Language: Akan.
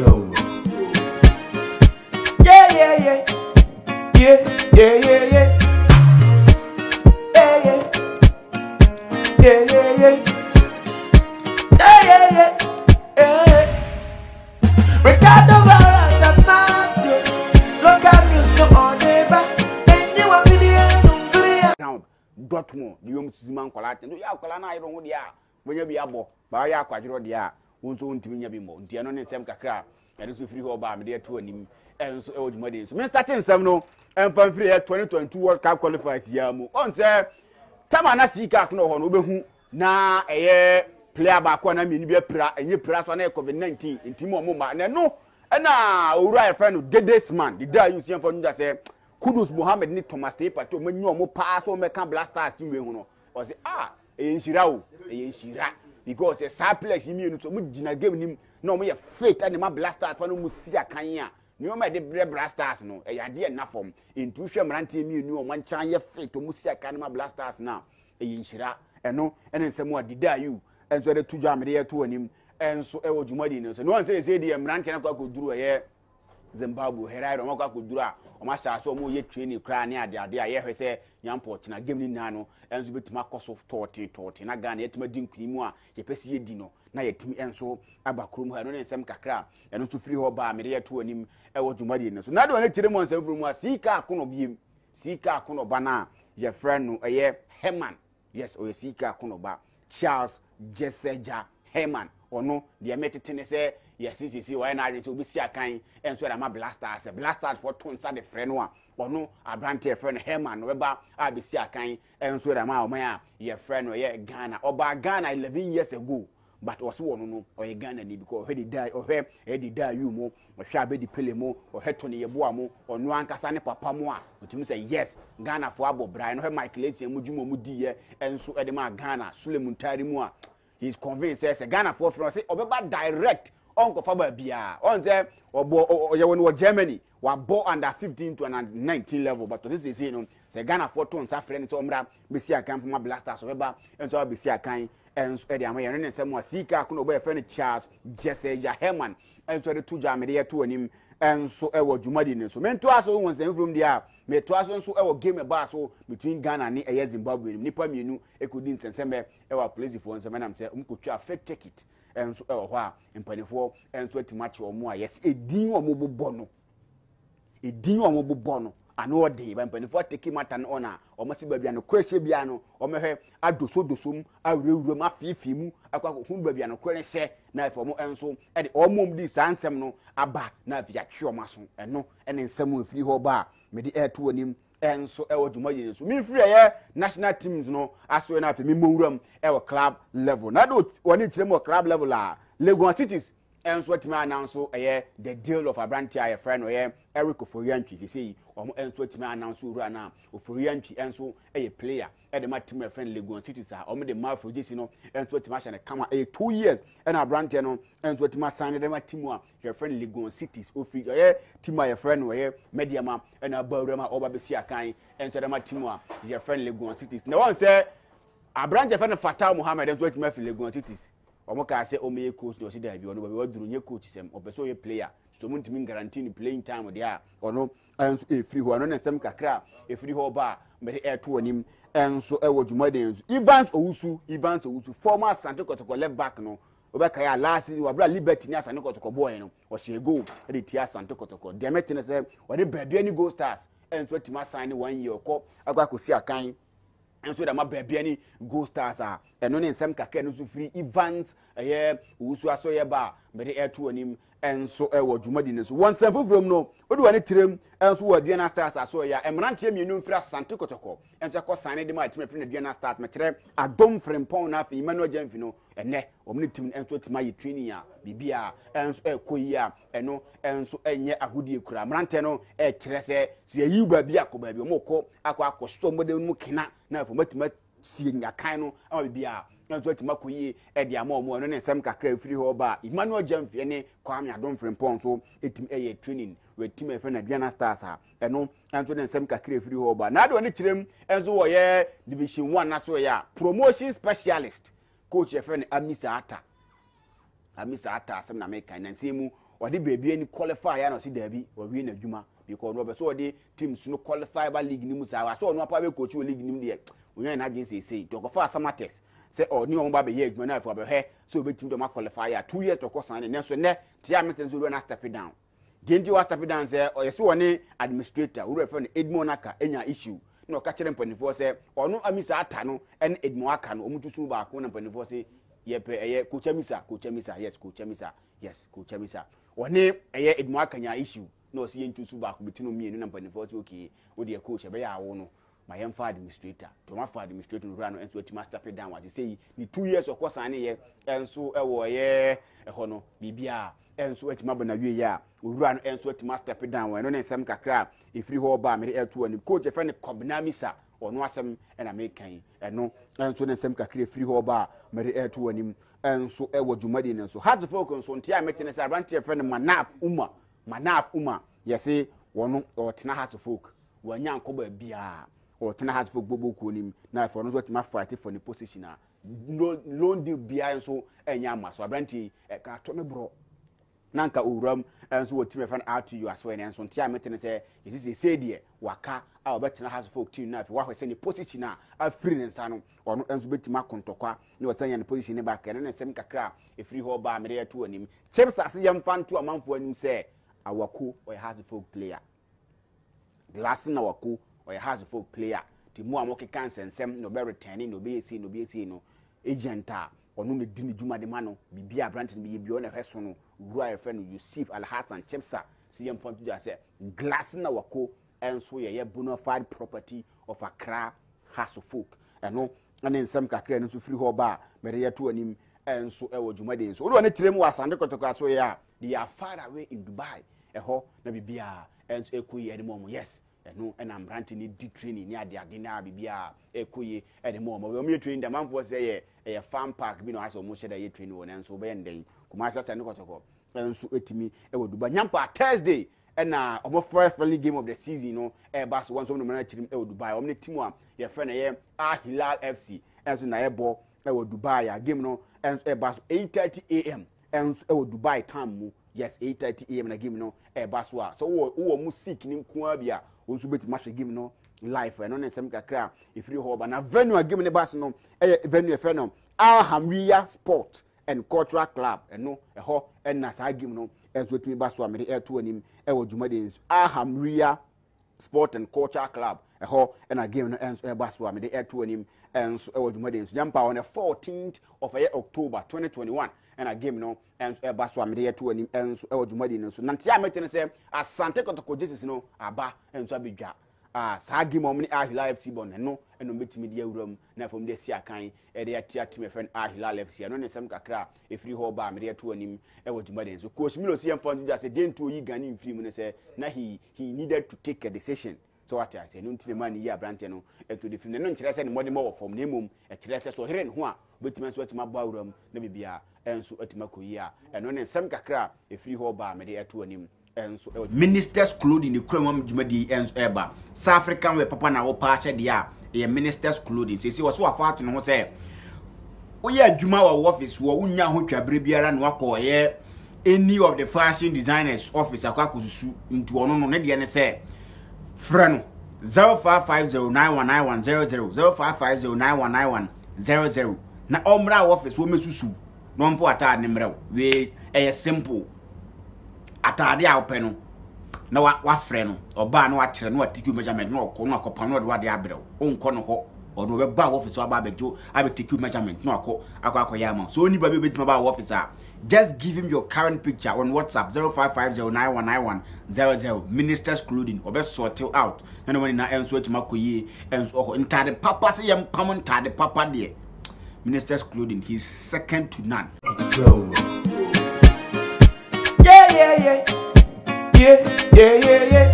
Yeah yeah yeah, yeah yeah yeah yeah, yeah Ricardo Varas at Nasio, local news no ọ̀dẹ́bà, ẹni wà fi ni ẹnu firi ya. dɔtun ni yom sisi ma nkɔla tɛ nso yɛ akɔla n'a yɛrɛ ho deɛ a wɔnyɛ bi abɔ baa yɛ akɔdwerɛ deɛ a wɔn nso wɔntumi nya bi mɔ nti ɛno ne nsɛm kakra ɛno nso firi hɔ ɔbaa mede ɛto anim ɛnso ɛwɔ dwumadie so mestate nsɛm no ɛmfa mfiri ɛ 2022 world cup qualifiers yia mu ɔn sɛ tama na sii kaa kono wɔ no wobɛhu na ɛyɛ player baako a na mmienu bi apira ɛnyɛ pira so ana yɛ covid 19 nti mu ɔmo ma na ɛno ɛna owura yɛfrɛ no dedes man deda a yusiɛmfo no da sɛ kudus mohammed ne thomas tepa te ɔmanyɛ ɔmo paa sɛ ɔmɛka blastars ti wei ho no ɔsɛ ah, ɛyɛ nhyira o ɛyɛ nhyira because saa players yi mmienu nso ɔmo gyina game nim na ɔmo yɛ faith ɛna ma blasters pa na ɔmo si akan a nneɛma yɛde brɛ blasters no ɛyɛ adeɛ nna fam ntu hwɛ mmeranteɛ mmienu ɔmo nkyɛn yɛ faith ɔmo si akan ma blasters na ɛyɛ nhyira ɛno ɛne nsɛm a dida ayiw ɛnso ɛde tu dwa amede yɛto anim ɛnso ɛwɔ dwumadi ne nso ne wɔn nsɛ yɛ sɛ deɛ mmeranteɛ no akɔ akɔduru ɛyɛ zimbabwe hɛrɛ ayɛrɛ ɔmo akɔ akɔduru a ɔmo ahyɛ ase ɔmo yɛ training koraa ne adeade a yɛhwɛ sɛ nyampɔ tena game ne nyinaa no ɛnso bɛtumi akɔ so tɔɔte tɔɔte na ghana yɛtumi adi nkunim a yɛpɛ si yɛdi no na yɛtumi ɛnso aba kurom ha ɛno ne nsɛm kakra a ɛno nso firi hɔ baa mede yɛto anim ɛwɔ dwumadeɛ no so na de wɔne kyerɛ mu nsɛm firi mu a siika akono biem siika akono ba no a yɛfrɛ no ɛyɛ herman yes ɔyɛ siika akono ba charles jeseja herman ɔno deɛ mɛtete ne sɛ yɛsi sisi wɔyɛ na ayɛ sɛ obi si akan ɛnso yɛrɛ ama blasters blasters fɔ to nsa de frɛ no a ɔno aberanteɛ frɛ no herman ɔbɛba a bɛsi akan ɛnso yɛrɛ ama ɔman a yɛfrɛ no yɛ ghana ɔbaa ghana eleven years ago but wɔsi wɔn no ɔyɛ ghana ni because ɔhɛ di da ɔhɛ ɛdi da ayi mu ɔhwɛ abɛdi pele mu ɔhɛ tɔni yɛboa mu ɔno ankasa ne papa mu a otumi sɛ yes ghana fo abɔ braa no ɔhɛ michael etia mu dwuma mu di yɛ ɛnso ɛde ma ghana sulemu ntaare mu a he is convinced sɛ ghana fo fira ɔsɛ ɔbɛba direct ɔnkɔfa baabiaa ɔn sɛ ɔbɔ ɔyɛ wɔ no wɔ germany wabɔ under fifteen to under nineteen level but ɔsi sese no sɛ ghana fo to nsa frɛ ne sɛ ɔmra besi akan fama blaster so bɛba nso a besi akan ɛnso ɛde ama yɛn ne nsɛm a sika ko na ɔbɛyɛ fɛ no charles jɛsɛgya herman ɛnso ɛde to gya amede yɛto anim ɛnso ɛwɔ dwumadi ne so mento aso wɔn nsɛm firim deɛ a meto aso nso ɛwɔ game ɛbaa so between ghana ne ɛyɛ zimbabwe nipa mmienu ekodi nsɛnsɛmɛ ɛwɔ apolisifoɔ nsɛm ɛnam sɛ ɔmo kotwa fake check it nso eh, wɔ hɔ a mpanimfoɔ nso atumi akyɛ wɔn a yɛs edin wɔn bobɔ no edin wɔn bobɔ no ano ɔde ba mpanimfoɔ ateke mata no ɔna wɔn asi baabi a no kora hyɛ bia no wɔn hwɛ adosodoso mu awurawura mu mu akɔ akɔkɔ baabi a no kora hyɛ na afɔ wɔn nso ɛde wɔn mu di saa nsɛm no aba na afei atwe wɔn aso ɛno ɛne nsɛm efiri hɔ ba a mede ɛɛto wɔn anim nso wɔ dwumayɛ no so memfiri ɛyɛ national teams no asoɛ no afei memmɔwura mu wɔ club level na do wɔne kyerɛ mu wɔ club level a Lagos cities nso atumi anan so the deal of aberante a yɛfrɛ no ɛyɛ eric oforiantwi sesei wɔn nso atumi anan so owura no a oforiantwi nso yɛ player ɛde ma tim ɛfɛn legon city saa ɔmo de ma afrojisi no ɛnso ɛtumi ahyɛ ne kama ɛyɛ two years ɛna aberanteɛ no ɛnso ɛtumi asan ɛde ma tim a yɛfrɛ no legon cities ofi ɛyɛ tim a yɛfrɛ no ɛyɛ mɛdiama ɛna abawura mu a ɔba bɛsi akan ɛnso ɛde ma tim a yɛfrɛ no legon cities na wɔn sɛ aberanteɛ fɛn no fata muhammed ɛnso ɛtumi afiri legon cities ɔmo kaa sɛ ɔmo yɛ coach na ɔsi daabi ɔno baabi waduro nye coach sɛm ɔpɛ sɛ ɔyɛ player so ɔmo ntumi guarantee ne playing time deɛ a ɔno ɛnso efiri hɔ ɛno ne nsɛm kakra efiri hɔ ɔbaa mmeri ɛto anim ɛnso ɛwɔ dwumaden nso evans owusu evans owusu former asante kɔtɔkɔ left back no obɛka yɛ alaase wabra liberty ne asante kɔtɔkɔ bɔɔɛ no ɔhyɛ goal ɛde tia asante kɔtɔkɔ deɛ mɛte e ne sɛ wɔde baabi ani goal stars ɛnso atumi asan ne wɔn yie ɔkɔ akɔ akɔsi akan nso dama baabi ani goal stars a ah. ɛno ne nsɛm kakra no nso firi evans ɛyɛ eh, owusu asɔ yɛ ba mmeri ɛto anim nso ɛwɔ dwumadi ne so wɔn nsɛm foforɔ mu no wodi wɔn ne tirim nso wɔ aduane stars aso a mmeranteɛ mmienu mfiri asante kɔtɔkɔ nso ɛkɔ sane de mu a ɛtumi ɛfiri aduane stars mɛtɛrɛ adom firimpɔn na afei emmanuel gyɛnfi no ɛnɛ wɔn ne tim nso tim ayɛ training a biribi a nso ɛkɔ yi a ɛno nso ɛnyɛ ahodie kura mmeranteɛ no ɛkyerɛ sɛ si ɛyi baabi akɔ baabi wɔn kɔ akɔ akɔ sotɔ wɔn de wɔn kena na afɔ na nso atuma kɔ yie ɛde ama ɔmo ɛno ne nsɛm kakra efiri hɔ ba emmanuel jemfie ne kwame adomfirimpɔ nso etim ɛyɛ training wɛtim ɛfɛ na diana stars a ɛno nso ne nsɛm kakra efiri hɔ ba na adeɛ ɔne kyerɛm nso wɔyɛ division one naso yɛ a promotion specialist coach yɛfɛ no amisa ata amisa ata asɛm na meka na nsɛm mu wɔde beebi ani qualify ya na ɔsi daabi wɔwie n'adwuma because ɔbɛ so wɔde team no qualify ba league ni mu saa wɔasɔ ɔno apa bɛ coach wɔ league ni mu deɛ onyaa n'adwene seesei tɔkɔfa asamatex sɛ ɔ ne ɔmo ba bɛyɛ adwuma no afei ɔbɛhwɛ sɛ obɛtumi dɔm akɔlifaa yɛ a two years tɔkɔ san ne nanso nɛ tia a mɛtɛn sɛ owura na step down deɛ nti wa step down sɛ ɔyɛ sɛ wɔne administrator owura fɛ no edmond naka enya issue na ɔka kyerɛ mpanimfoɔ sɛ ɔno amisa ata no ɛne edmond aka no ɔmo tutu baako na mpanimfoɔ sɛ yɛpɛ ɛyɛ kocha misa kocha misa yes kocha misa yes kocha misa ɔne ɛyɛ edmond aka nya issue na ɔsi yɛntu so baako bi ti no mmienu na mpanimfoɔ sɛ okay wodeɛ coach ɛbɛyɛ awo ma yɛn fa administrator to ma fa administrator nwura no nso etuma step down wate sɛ yi ne two years ɔkɔ san ne yɛ nso ɛwɔ yɛ ɛhɔ no biribi a ɛnso etuma bɔ na wie yɛ a owura no ɛnso etuma step down wɔn ɛno ne nsɛm kakra a efiri hɔ ɔbaa mi ɛto wɔn nim coach efɛ ne kɔbinamisa ɔno asɛm ɛna mi kan ɛno ɛnso ne nsɛm kakra efiri hɔ ɔbaa mi ɛto wɔn nim ɛnso ɛwɔ dwumadi ne nso hard folk nso ntia mi tene sɛ aberanteɛ eh, fɛ no manaf uma manaf uma yɛsi eh, wɔn ɔtena hard folk wɔn nyɛ nkɔbɔ biara ɔtena ha fo gbogbo kuo nim na afɔ no nso ɔtena fight for ne position a loan deal biara nso ɛnyɛ ama so aberanteɛ ɛka eh, ato me borɔ na nka owuram eh, nso wɔ team ɛfɛn ato yi aso ɛnɛ nso ntea mete ne sɛ yɛsi sɛ deɛ waka a ɔbɛtena ha so fo team no afei wahwɛ sɛ ne position a afiri ne nsa no ɔno nso bɛtumi akontɔkwa na wɔsɛ nya ne position ne baaka ɛno ne nsɛm kakra a ɛfiri hɔ baa mede ɛto anim chips ase yɛmfa nto amanfoɔ anim sɛ awako ɔyɛ hasefo player glass na ɔyɛ house folk player ti mu a wɔkeka nsɛnsɛm na ɔbɛ retɛni na ɔbɛ yɛsi na ɔbɛ yɛsi no agent a ɔno na di ne dwuma de ma no biribi aberante no yɛ bi ɔna ɛhɛ so no wura yɛfrɛ no yusuf alhassan chipsa si yɛ mpɔn tuntun asɛ glass na wɔko ɛnso yɛyɛ bona fide property of accra house folk ɛno ɛne nsɛm kakra no nso firi hɔ ba a mɛde yɛto anim ɛnso ɛwɔ dwumaden so wode wɔne tirɛ mu wɔ asande kɔtɔkɔa so yɛ a de yɛ away in dubai ɛhɔ na biribiaa ɛnso ɛkɔ yi ɛde yes ɛno ɛna mmerante ne di training ne adeade ne abibi a ɛkɔ yie ɛde e mu ɔmo ɔmo yɛ training dɛm anfoɔ sɛ yɛ ɛyɛ e farm park bi na ɔasɛ ɔmo hyɛ dɛ yɛ training wɔ nanso ɔbɛyɛ ndɛn kumasi ata ne kɔtɔkɔ ɛnso ɛtumi e ɛwɔ duba nyampa thursday ɛna ɔmo first friendly game of the season no ɛɛba so wɔn nso ɔmo nomana kyirim ɛwɔ dubai ɔmo ne team a yɛfrɛ no yɛ ahilal fc ɛnso na ɛbɔ ɛwɔ dubai a game no ɛnso ɛba so eight thirty am ɛnso ɛwɔ dubai time mu yes eight thirty am na game no ɛɛba so a sɛ wɔwɔ mu sick ne nkoa bi a wɔn nso bɛtumi ahyɛ game no live ɛno eh, ne nsɛm kakra a ɛfiri hɔ ba na venue a game ne baase no ɛyɛ eh, venue ɛfɛ eh, no alhamria sport and cultural club ɛno ɛhɔ ɛna saa game no ɛnso ɛtumi ba so a mɛde ɛɛto anim ɛwɔ dwumadie nso alhamria sport and cultural club ɛhɔ ɛna game no ɛnso ɛba so a mɛde ɛɛto anim ɛnso ɛwɔ dwumadie nso nyɛ mpa wɔn no fourteenth of ɛyɛ october twenty twenty one ɛna game no ɛba eh, ah, eh, so a mede yɛto anim ɛnso ɛwɔ dwumadi no nso nante a mete no sɛ asante kɔtɔkɔ jesus no aba ɛnso abɛdwa saa game ɔmo ne ahila fc bɔ n'ano ɛna ɔmɛtumi de awura mu na afɔm de asi akan ɛde ati atum ɛfɛ no ahila fc ɛno ne nsɛm kakra a ɛfiri hɔ ba a mede yɛto anim ɛwɔ dwumadi nso coach milo si yɛmfa no sɛ deɛ ntuo yi gane mfiri mu no sɛ na he he needed to take a decision sɛ wate ase ɛno nti ne maa ne yi aberanteɛ no ɛto de firi no ɛno nkyerɛ sɛ ne mmɔdemmɔ wɔ fam na mmom ɛkyerɛ sɛ sɛ ɔhene ne ho a bɛtumi nso atumi abɔ awura mu na biribiara ɛnso atumi akɔ yie a ɛno ne nsɛm kakra a ɛfiri hɔ baa mede ɛto anim ministers clothing ne kurom am dwumadi ɛnso ɛba south african wɛ papa na wɔpa ahyɛ deɛ a ɛyɛ ministers clothing sɛsi wɔ so wafa ato ne ho sɛ woyɛ adwuma wɔ office wɔ wonya ho twaberɛ biara na wakɔ ɔyɛ any of the fashion designers office akɔ akɔsusu nti ɔno no ne deɛ ne sɛ frɛ no 0550919100 0550919100 na ɔmmra a wɔfɛ so wɔmɛsusu na ɔmfa ataade ne mmerɛ wo wei ɛyɛ simple ataade a wopɛ no na wafrɛ no ɔbaa na wakyerɛ na watiki measurement na ɔkɔ na akɔpa No ɔde wade abrɛ wo wonkɔ no hɔ ɔno ɔbɛba wɔfɛ so aba abɛgyo abɛtiki measurement na akɔ akɔ akɔyɛ ama so onipa bi bɛtumi ba wɔ wɔfɛ a just give him your current picture on whatsapp zero zero zero five five nine nine one one zero. ministers clothing ɔbɛsɔɔte out na ne wɔn nyinaa ɛnso atumi akɔ yie ɛnso ɔhɔ ntaade papa sɛ yɛmpam ntaade papa deɛ Minister's Clothing. He's second to none. Yeah, yeah, yeah. Yeah, yeah, yeah, yeah.